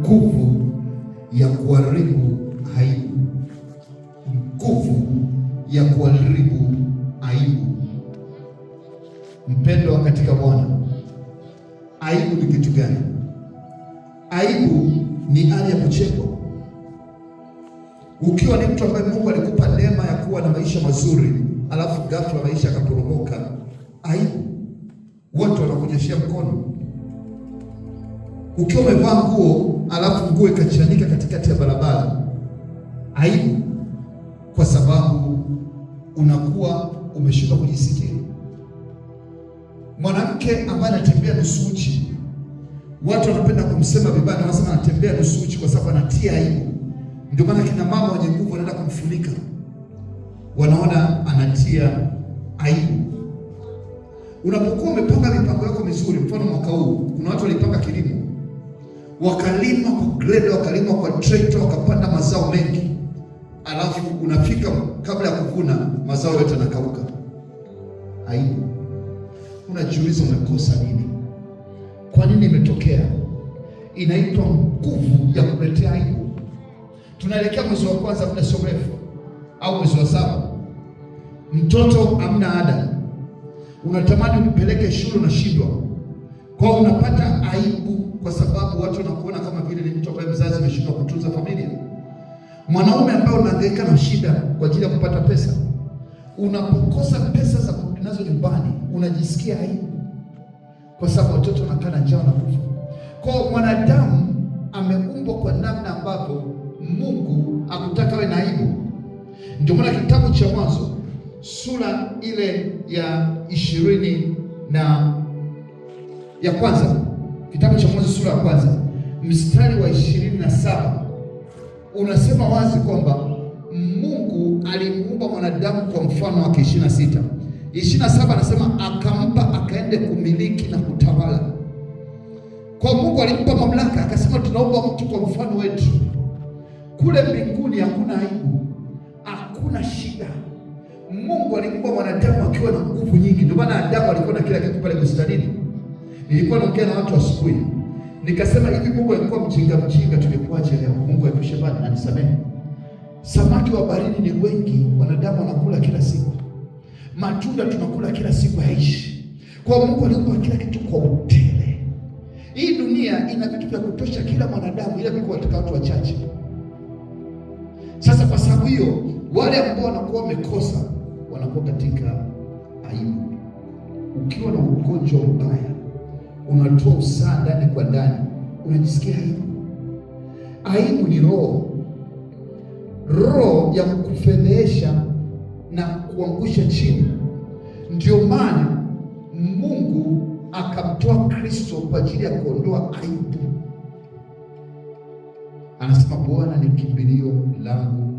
nguvu ya kuharibu aibu, nguvu ya kuharibu aibu. Mpendwa katika Bwana, aibu ni kitu gani? Aibu ni hali ya kuchekwa. Ukiwa ni mtu ambaye Mungu alikupa neema ya kuwa na maisha mazuri, alafu ghafla maisha yakaporomoka, aibu, watu wanakunyeshea mkono. Ukiwa umevaa nguo alafu nguo ikachanika katikati ya barabara, aibu, kwa sababu unakuwa umeshindwa kujisitiri. Mwanamke ambaye anatembea nusu uchi, watu wanapenda kumsema vibaya, wanasema anatembea nusu uchi kwa sababu anatia aibu. Ndio maana kina mama wenye nguvu wanaenda kumfunika, wanaona anatia aibu. Unapokuwa umepanga mipango yako mizuri, mfano mwaka huu kuna watu walipanga kilimo wakalima kwa grade, wakalima kwa trekta, wakapanda mazao mengi, alafu unafika kabla ya kuvuna mazao yote yanakauka. Aibu. Unajiuliza umekosa nini? Kwa nini imetokea? Inaitwa nguvu ya kuletea aibu. Tunaelekea mwezi wa kwanza, muda sio mrefu, au mwezi wa saba. Mtoto amna ada, unatamani umpeleke shule, unashindwa kwa unapata aibu kwa sababu watu wanakuona kama vile ni mtu ambaye mzazi ameshindwa kutunza familia. Mwanaume ambaye unahangaika na shida kwa ajili ya kupata pesa, unapokosa pesa za kurudi nazo nyumbani unajisikia aibu, kwa sababu watoto wanakaa na njaa wanakufa. Kwa mwanadamu ameumbwa kwa namna ambavyo Mungu akutaka awe na aibu. Ndio maana kitabu cha Mwanzo sura ile ya ishirini na ya kwanza, kitabu cha Mwanzo sura ya kwanza mstari wa ishirini na saba unasema wazi kwamba Mungu alimuumba mwanadamu kwa mfano wake. ishirini na sita ishirini na saba anasema akampa akaende kumiliki na kutawala. Kwa Mungu alimpa mamlaka, akasema tunaomba mtu kwa mfano wetu. Kule mbinguni hakuna aibu, hakuna shida. Mungu alimuumba mwanadamu akiwa na nguvu nyingi. Ndio maana Adamu alikuwa na kila kitu pale bustanini Nilikuwa naongea na watu asubuhi, nikasema hivi, Mungu alikuwa mjinga mjinga, tulikuwaje leo? Mungu atushabani, anisamehe. Samaki wa baharini ni wengi, wanadamu wanakula kila siku, matunda tunakula kila siku, haishi kwa Mungu aliumba kila kitu kwa utele. Hii dunia ina vitu vya kutosha kila mwanadamu, ila viko katika watu wachache. Sasa kwa sababu hiyo, wale ambao wanakuwa wamekosa wanakuwa katika aibu. Ukiwa na ugonjwa mbaya unatoa usaa ndani kwa ndani, unajisikia aibu. Aibu ni roho, roho ya kukufedhehesha na kuangusha chini. Ndio maana Mungu akamtoa Kristo kwa ajili ya kuondoa aibu. Anasema Bwana ni kimbilio langu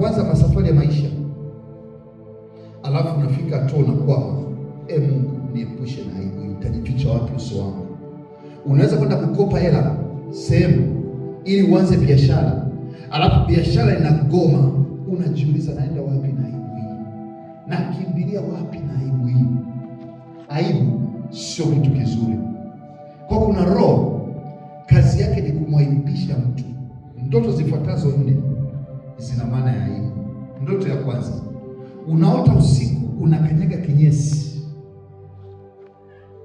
kuanza masafari ya maisha, alafu unafika na kwa E eh, Mungu, niepushe na aibu, itajificha wapi uso wangu? Unaweza kwenda kukopa hela sehemu ili uanze biashara, alafu biashara inagoma, unajiuliza naenda wapi na aibu hii? Nakimbilia wapi na aibu hii? Aibu sio kitu kizuri, kwa kuna roho kazi yake ni kumwaibisha mtu. Ndoto zifuatazo nne zina maana ya aibu. Ndoto ya kwanza, unaota usiku unakanyaga kinyesi,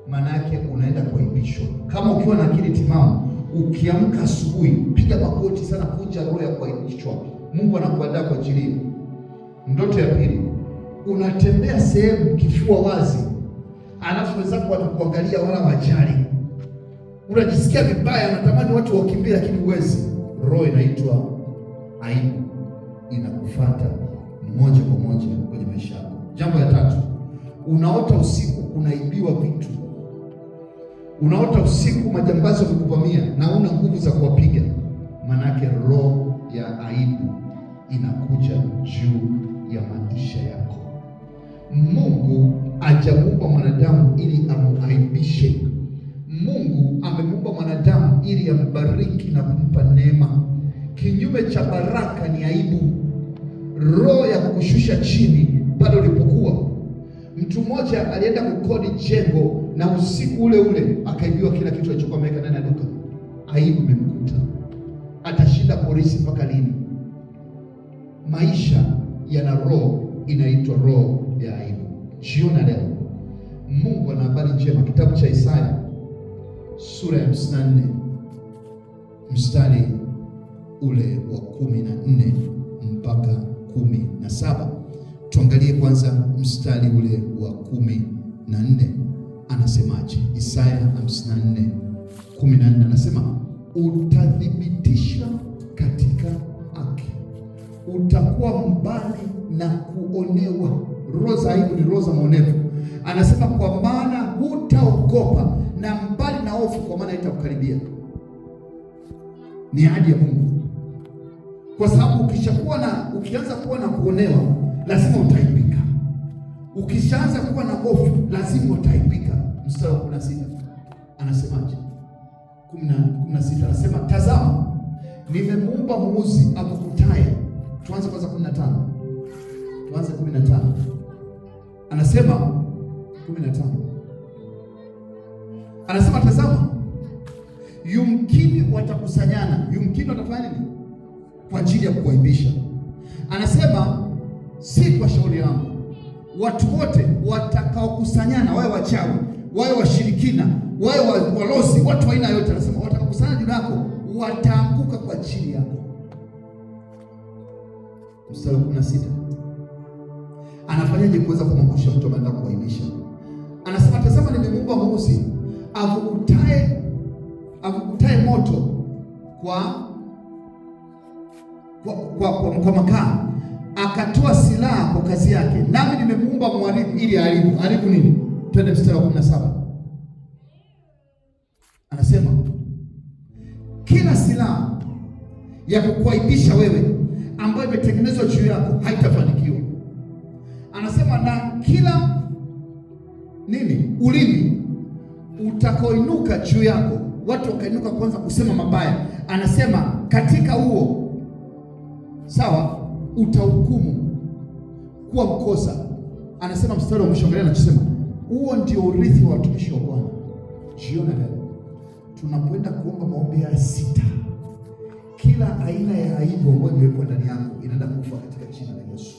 maana yake unaenda kuaibishwa. Kama ukiwa na akili timamu, ukiamka asubuhi, piga magoti sana, kunja roho ya kuaibishwa. Mungu anakuandaa kwa ajili. Ndoto ya pili, unatembea sehemu kifua wazi, alafu wenzako wanakuangalia wala wajali, unajisikia vibaya, unatamani watu wakimbie, lakini huwezi. Roho inaitwa aibu inakufata moja kwa moja kwenye maisha yako. Jambo la tatu, unaota usiku unaibiwa vitu, unaota usiku majambazi wamekuvamia na una nguvu za kuwapiga, manake roho ya aibu inakuja juu ya maisha yako. Mungu hajamuumba mwanadamu ili amuaibishe. Mungu amemuumba mwanadamu ili ambariki na kumpa neema. Kinyume cha baraka ni aibu, roho ya kukushusha chini bado ulipokuwa. Mtu mmoja alienda kukodi jengo na usiku ule ule akaibiwa kila kitu alichokuwa ameweka ndani ya duka. Aibu imemkuta, atashinda polisi mpaka lini? Maisha yana roho inaitwa roho ya aibu. Jiona leo Mungu ana habari njema. Kitabu cha Isaya sura ya 54 mstari ule wa kumi na nne mpaka kumi na saba. Tuangalie kwanza mstari ule wa kumi na nne anasemaje? Isaya 5414 anasema utathibitisha katika haki, utakuwa mbali na kuonewa. roza za ni roza maonevu. Anasema kwa maana hutaogopa, na mbali na hofu, kwa maana itakukaribia. Ni ahadi ya Mungu kwa sababu ukishakuwa na ukianza kuwa na kuonewa lazima utaibika Ukishaanza kuwa na hofu lazima utaibika Mstari wa 16 anasemaje? 16 anasema tazama, nimemuumba muuzi akukutaye. Tuanze kwanza 15, tuanze 15, anasema 15, anasema tazama, yumkini watakusanyana, yumkini watafanya nini? kwa ajili ya kuaibisha. Anasema si kwa shauri yangu watu wote watakaokusanyana, wawe wachawi, wawe washirikina, wawe walozi, watu aina yote, anasema watakaokusanyana juu yako wataanguka kwa ajili yako. Mstari wa 16 anafanyaje kuweza kumwangusha mtu ambaye anataka kuaibisha? Anasema tazama, nimemuumba mbuzi avukutae avukutae moto kwa kwa, kwa, kwa, kwa makaa akatoa silaha kwa kazi yake, nami nimemuumba mwalimu ili aharibu. Haribu nini? Twende mstari wa 17, anasema kila silaha ya kukuaibisha wewe ambayo imetengenezwa juu yako haitafanikiwa. Anasema na kila nini, ulimi utakoinuka juu yako, watu wakainuka kwanza kusema mabaya, anasema katika huo sawa, utahukumu kuwa mkosa. Anasema mstari wa mwisho, angalia anachosema, huo ndio urithi wa watumishi wa Bwana. Jiona leo tunapoenda kuomba maombi ya sita, kila aina ya aibu ambayo imekuwa ndani yangu inaenda kufa katika jina la Yesu.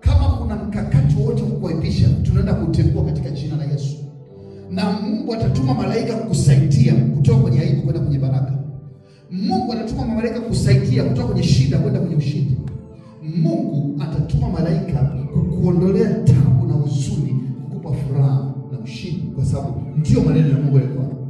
Kama kuna mkakati wote wa kukuaibisha, tunaenda kutengua katika jina la Yesu, na Mungu atatuma malaika kukusaidia kutoka kwenye aibu kwenda kwenye baraka. Mungu anatuma malaika kusaidia kutoka kwenye shida kwenda kwenye ushindi. Mungu atatuma malaika kukuondolea tabu na huzuni, kukupa furaha na ushindi, kwa sababu ndiyo maneno ya Mungu yalikuwa